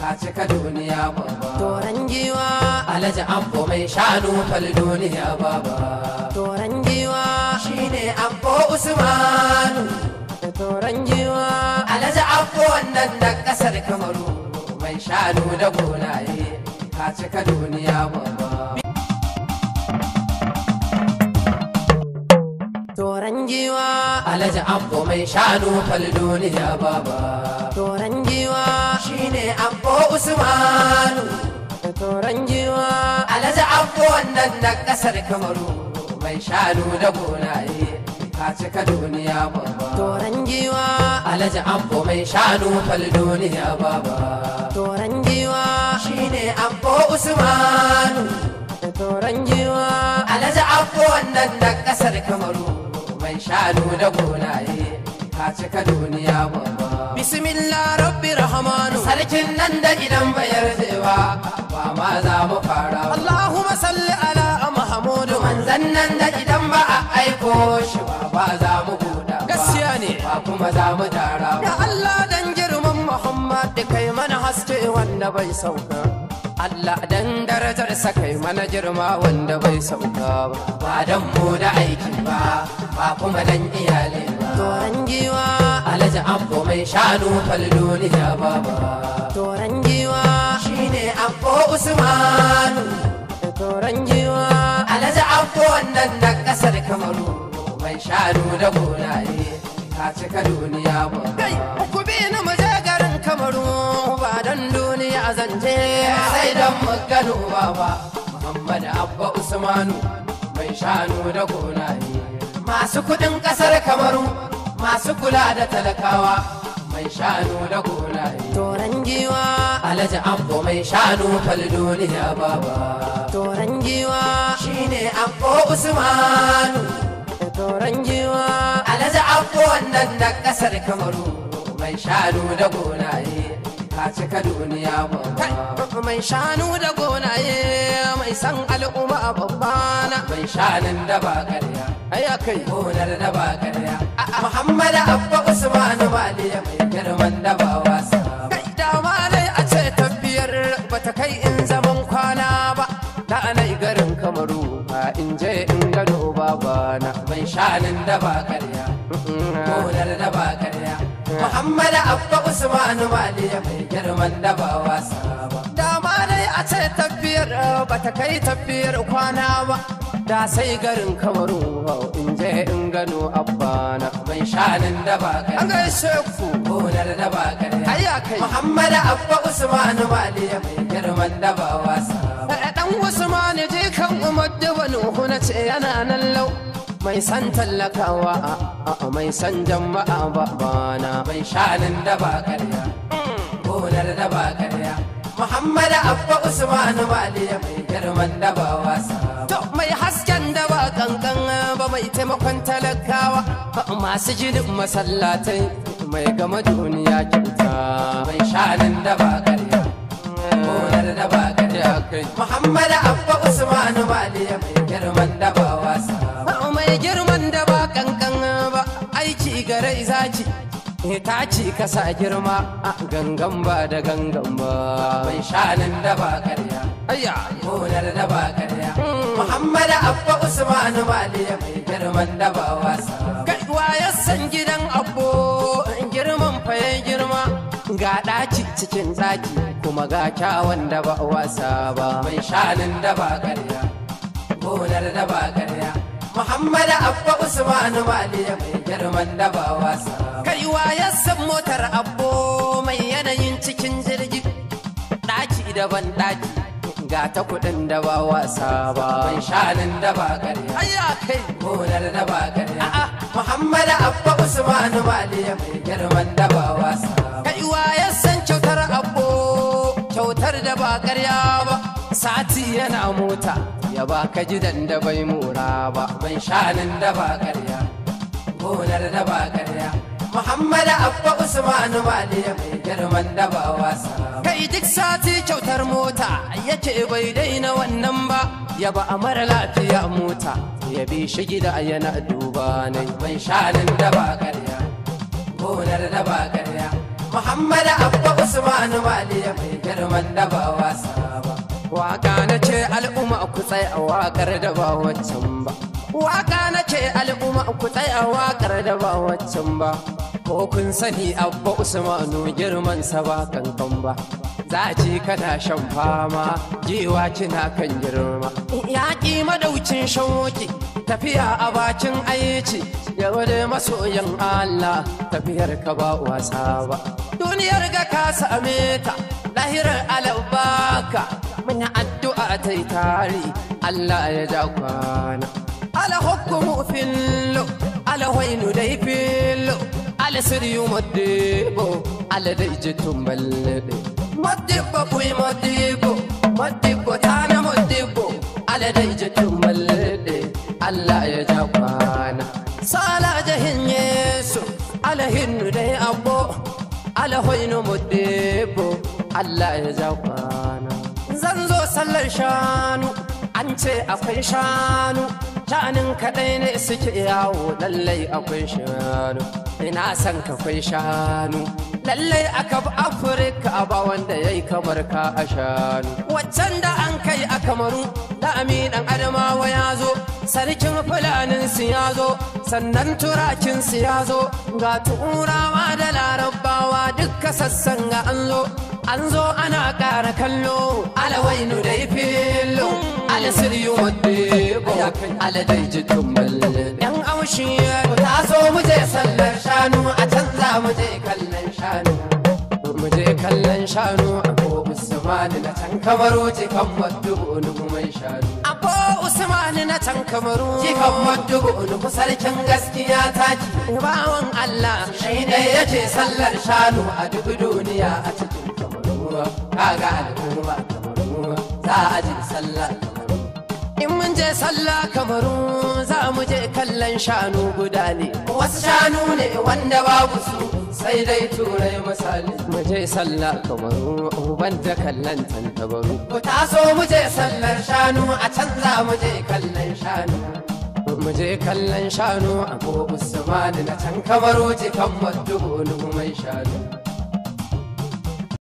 Ka cika duniya baba toran giwa alhaji ambo mai shanu fal duniya baba toran giwa shine ambo Usman. da toran giwa alhaji ambo wannan da kasar kamaru mai shanu da golaye Ka cika duniya baba toran giwa alhaji ambo mai shanu fal duniya baba Usmanu da toron giwa Alhaji Abdu wannan na kasar Kamaru mai shanu da gonaye ka cika duniya baba toron giwa Alhaji Abdu mai shanu fal duniya baba toron giwa shine Abdu Usmanu da toron giwa Alhaji Abdu wannan na kasar Kamaru mai shanu da gonaye cika duniya baba bismillah rabbi rahmanu sarkin nan da gidan bayar zewa ba ma za mu fara allahumma salli ala Mahamudu. manzan nan da gidan ba a aiko shi ba ba za mu buda gaskiya ne ba kuma za mu tara ya allah dan girman muhammad da kai mana haske wanda bai sauka Allah dan darajar sakai mana girma wanda bai sauka ba ba dan mu da aiki ba ba kuma dan iyali toran giwa alhaji ambo mai shanu fallo ni ja baba toran giwa shine ambo usmanu toran giwa alhaji ambo wannan na kasar kamaru mai shanu da gonaye ka cika duniya ba kai ku bi ni mu je garin kamaru ba dan duniya zance sai dan mu gano baba muhammad abba usmanu mai shanu da gonaye masu kudin kasar kamaru masu kula da talakawa mai shanu da gonaye. toran giwa alhaji ambo mai shanu faldo ne baba toran giwa shine ambo usmanu toran giwa alhaji ambo wannan da kasar kamaru mai shanu da gonaye. ta cika duniya babba mai shanu da gonaye mai san al'umma a babbana mai shanun da ba ƙarya aya kai gonar da ba ƙarya muhammad abba usman waliya mai girman da ba wasa dama dai a ce tabbiyar bata kai in zaman kwana ba da nai garin kamaru a in je in gano babana mai shanun da ba ƙarya gonar da ba ƙarya Muhammad Abba Usman Wali mai girman da ba wasa ba. Dama dai a ce tafiyar ba ta kai tafiyar kwana ba. Da sai garin kamaru in je in gano na mai shanin da ba kai. An gaishe ku gonar da ba kai. Hayya kai. Muhammad Abba Usman Wali mai girman da ba wasa ba. Eh, dan Usman je kan Umar da wani hunace yana nan lau. mai san tallakawa a mai san jama'a ba bana mai shanin da ba karya gonar da ba karya muhammad abba usman maliya mai girman da ba wasa mai hasken da ba kankan ba mai taimakon talakawa masu jinin masallatai mai gama duniya kyauta mai shanin da ba karya gonar da ba karya muhammad abba usman maliya mai girman da ba wasa mai girman da ba kankan ba aiki garai zaki eh, ta ci kasa girma a gangan ba da gangan ba mai shanin da ba karya ayya molar da ba karya hmm. muhammadu abba usman wali mai girman da ba wasa kai ya san gidan abbo girman faye girma ga ɗaci cikin ɗaki kuma ga kyawun da ba wasa ba mai shanin da ba karya molar da ba karya Muhammad Abba Usman Wali mai girman da ba wasa. Kaiwa ya san motar Abbo mai yanayin cikin jirgi. Ɗaki daban ɗaki ga ta kuɗin da ba wasa ba. Mai shanin da ba ƙarya. Ayya kai. Monar da ba ƙarya. Muhammad Abba Usman Wali mai girman da ba wasa. Kaiwa ya san kyautar Abbo kyautar da ba ƙarya sati yana mota ya baka gidan da bai mura ba Ban shanin da ba karya gonar da ba karya Muhammad Abba Usman Maliya mai girman da ba wasa. Kai duk sati kyautar mota yake bai daina wannan ba, ya ba a mara lafiya mota, ya bi shi gida yana duba ne Ban shanin da ba karya, gonar da ba karya. Muhammad Abba Usman Maliya mai girman da ba wasa. Waka na ce al'umma ku tsaya wakar da ba waccan ba. Waka na ce al'umma ku tsaya wakar da ba waccan ba. Ko kun sani abba Usmanu girman sa ba kankan ba. Za ji kana shan fama, jiwa kina kan girma. Yaƙi madaucin shawoki, tafiya a bakin aici, yau dai masoyan Allah, tafiyar ka ba wasa ba. Duniyar ga ka same ta, lahirar alabaka. mun addu'a ta yi tari Allah ya ja kwana alhukumu fillo alwainu dai fillo alsiryu madibo aladai tumballe madibo kuyi madibo madibo tana madibo aladai tumballe Allah ya ja kwana sala jahin yesu alhinnu dai abbo alhoinu madibo Allah ya ja kwana sallar shanu an ce akwai shanu shanin kaɗai ne suke yawo lallai akwai shanu ina son ka shanu lallai aka bi afirka ba wanda ya yi kamar ka a shanu waccan da an kai a kamaru da dan adamawa ya zo sarkin su ya zo sannan turakinsu ya zo ga turawa da larabawa duk ka sassan ga an zo an zo ana ƙara kallo alawainu dai filo alasiryu ala aladai jikin balle yan aushi ta so mu je sallar shanu a canza mu je kallon shanu mu je kallon shanu Usmani na can kamaru cikan madugu nugumin shanu. Abo Usmani na can kamaru. Cikan madugu nugu sarkin gaskiya taki. Bawan Allah. Shi ne ya ce sallar shanu a duk duniya a cikin ka ga al'umma kamaruwa Za a ji sallar In mun je sallah kamaru za mu je kallon shanu guda ne. Wasu shanu ne wanda babu su sai dai turai misali mu je sallar kabaru ban da kallon tantabaru mu taso mu je sallar shanu a can za mu je kallon shanu mu je kallon shanu a ko usmani na can kamaru jikan madubu mai shanu